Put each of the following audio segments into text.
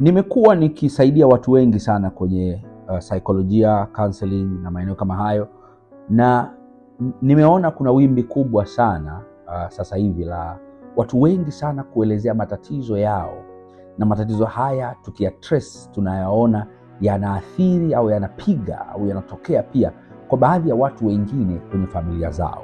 nimekuwa nikisaidia watu wengi sana kwenye uh, saikolojia counseling na maeneo kama hayo, na nimeona kuna wimbi kubwa sana uh, sasa hivi la watu wengi sana kuelezea matatizo yao, na matatizo haya tukia tunayoona tunayaona yanaathiri au yanapiga au yanatokea pia kwa baadhi ya watu wengine kwenye familia zao,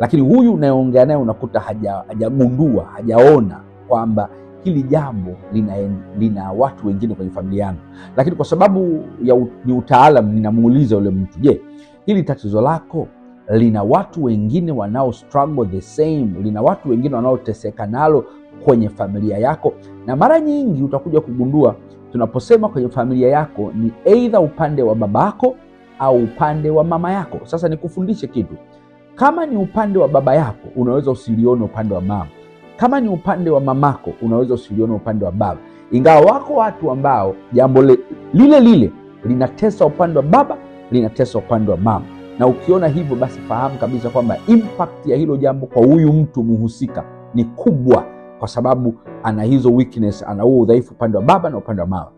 lakini huyu unayeongea naye unakuta hajagundua haja hajaona kwamba hili jambo lina, lina watu wengine kwenye familia yangu, lakini kwa sababu ya u, ni utaalam, ninamuuliza yule mtu, je, hili tatizo lako lina watu wengine wanao struggle the same? Lina watu wengine wanaoteseka nalo kwenye familia yako? Na mara nyingi utakuja kugundua tunaposema kwenye familia yako ni eidha upande wa babako au upande wa mama yako. Sasa nikufundishe kitu, kama ni upande wa baba yako unaweza usilione upande wa mama kama ni upande wa mamako, unaweza usilione upande wa baba, ingawa wako watu ambao jambo lile lile linatesa upande wa baba, linatesa upande wa mama. Na ukiona hivyo, basi fahamu kabisa kwamba impact ya hilo jambo kwa huyu mtu mhusika ni kubwa, kwa sababu ana hizo weakness, ana huo udhaifu upande wa baba na upande wa mama.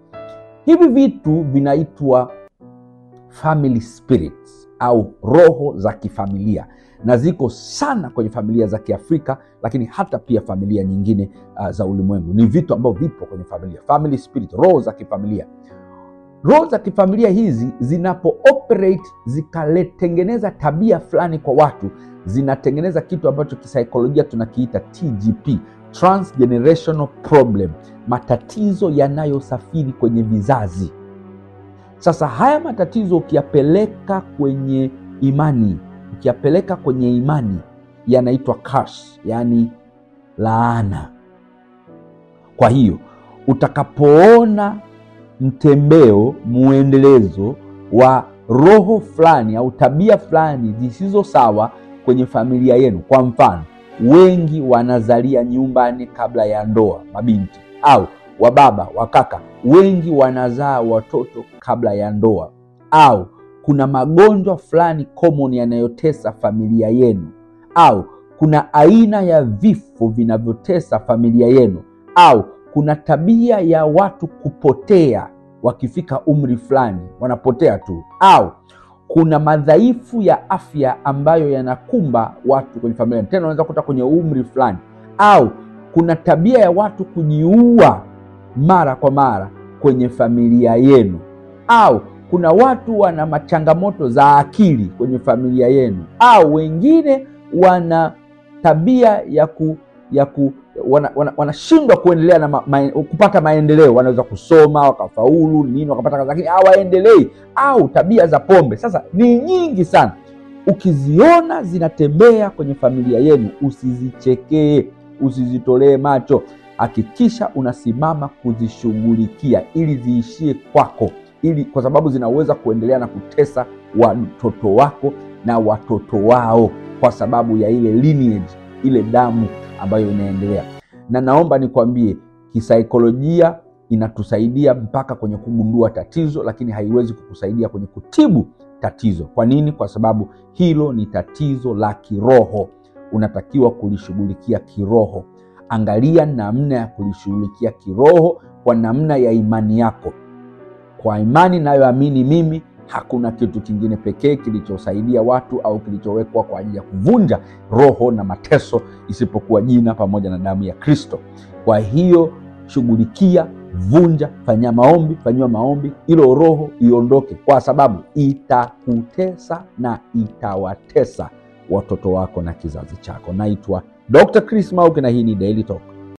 Hivi vitu vinaitwa family spirits au roho za kifamilia na ziko sana kwenye familia za Kiafrika, lakini hata pia familia nyingine uh, za ulimwengu. Ni vitu ambavyo vipo kwenye familia, family spirit, roho za kifamilia. Roho za kifamilia hizi zinapo operate zikatengeneza tabia fulani kwa watu, zinatengeneza kitu ambacho kisaikolojia tunakiita TGP, transgenerational problem, matatizo yanayosafiri kwenye vizazi. Sasa haya matatizo ukiyapeleka kwenye imani ukiyapeleka kwenye imani yanaitwa curse, yaani laana. Kwa hiyo utakapoona mtembeo mwendelezo wa roho fulani au tabia fulani zisizo sawa kwenye familia yenu, kwa mfano, wengi wanazalia nyumbani kabla ya ndoa, mabinti au wababa wakaka, wengi wanazaa watoto kabla ya ndoa au kuna magonjwa fulani common yanayotesa familia yenu, au kuna aina ya vifo vinavyotesa familia yenu, au kuna tabia ya watu kupotea wakifika umri fulani, wanapotea tu, au kuna madhaifu ya afya ambayo yanakumba watu kwenye familia, tena unaweza kuta kwenye umri fulani, au kuna tabia ya watu kujiua mara kwa mara kwenye familia yenu, au kuna watu wana machangamoto za akili kwenye familia yenu, au wengine wana tabia ya ku, ya ku wanashindwa wana, wana kuendelea na ma, ma, kupata maendeleo. Wanaweza kusoma wakafaulu nini wakapata kazi, lakini hawaendelei, au tabia za pombe. Sasa ni nyingi sana, ukiziona zinatembea kwenye familia yenu, usizichekee, usizitolee macho. Hakikisha unasimama kuzishughulikia ili ziishie kwako ili kwa sababu zinaweza kuendelea na kutesa watoto wako na watoto wao kwa sababu ya ile lineage, ile damu ambayo inaendelea. Na naomba nikwambie, kisaikolojia inatusaidia mpaka kwenye kugundua tatizo, lakini haiwezi kukusaidia kwenye kutibu tatizo. Kwa nini? Kwa sababu hilo ni tatizo la kiroho, unatakiwa kulishughulikia kiroho. Angalia namna ya kulishughulikia kiroho kwa namna ya imani yako. Kwa imani inayoamini mimi, hakuna kitu kingine pekee kilichosaidia watu au kilichowekwa kwa ajili ya kuvunja roho na mateso isipokuwa jina pamoja na damu ya Kristo. Kwa hiyo shughulikia, vunja, fanya maombi, fanyiwa maombi, ilo roho iondoke, kwa sababu itakutesa na itawatesa watoto wako na kizazi chako. Naitwa Dr. Chris Mauki na hii ni Daily Talk.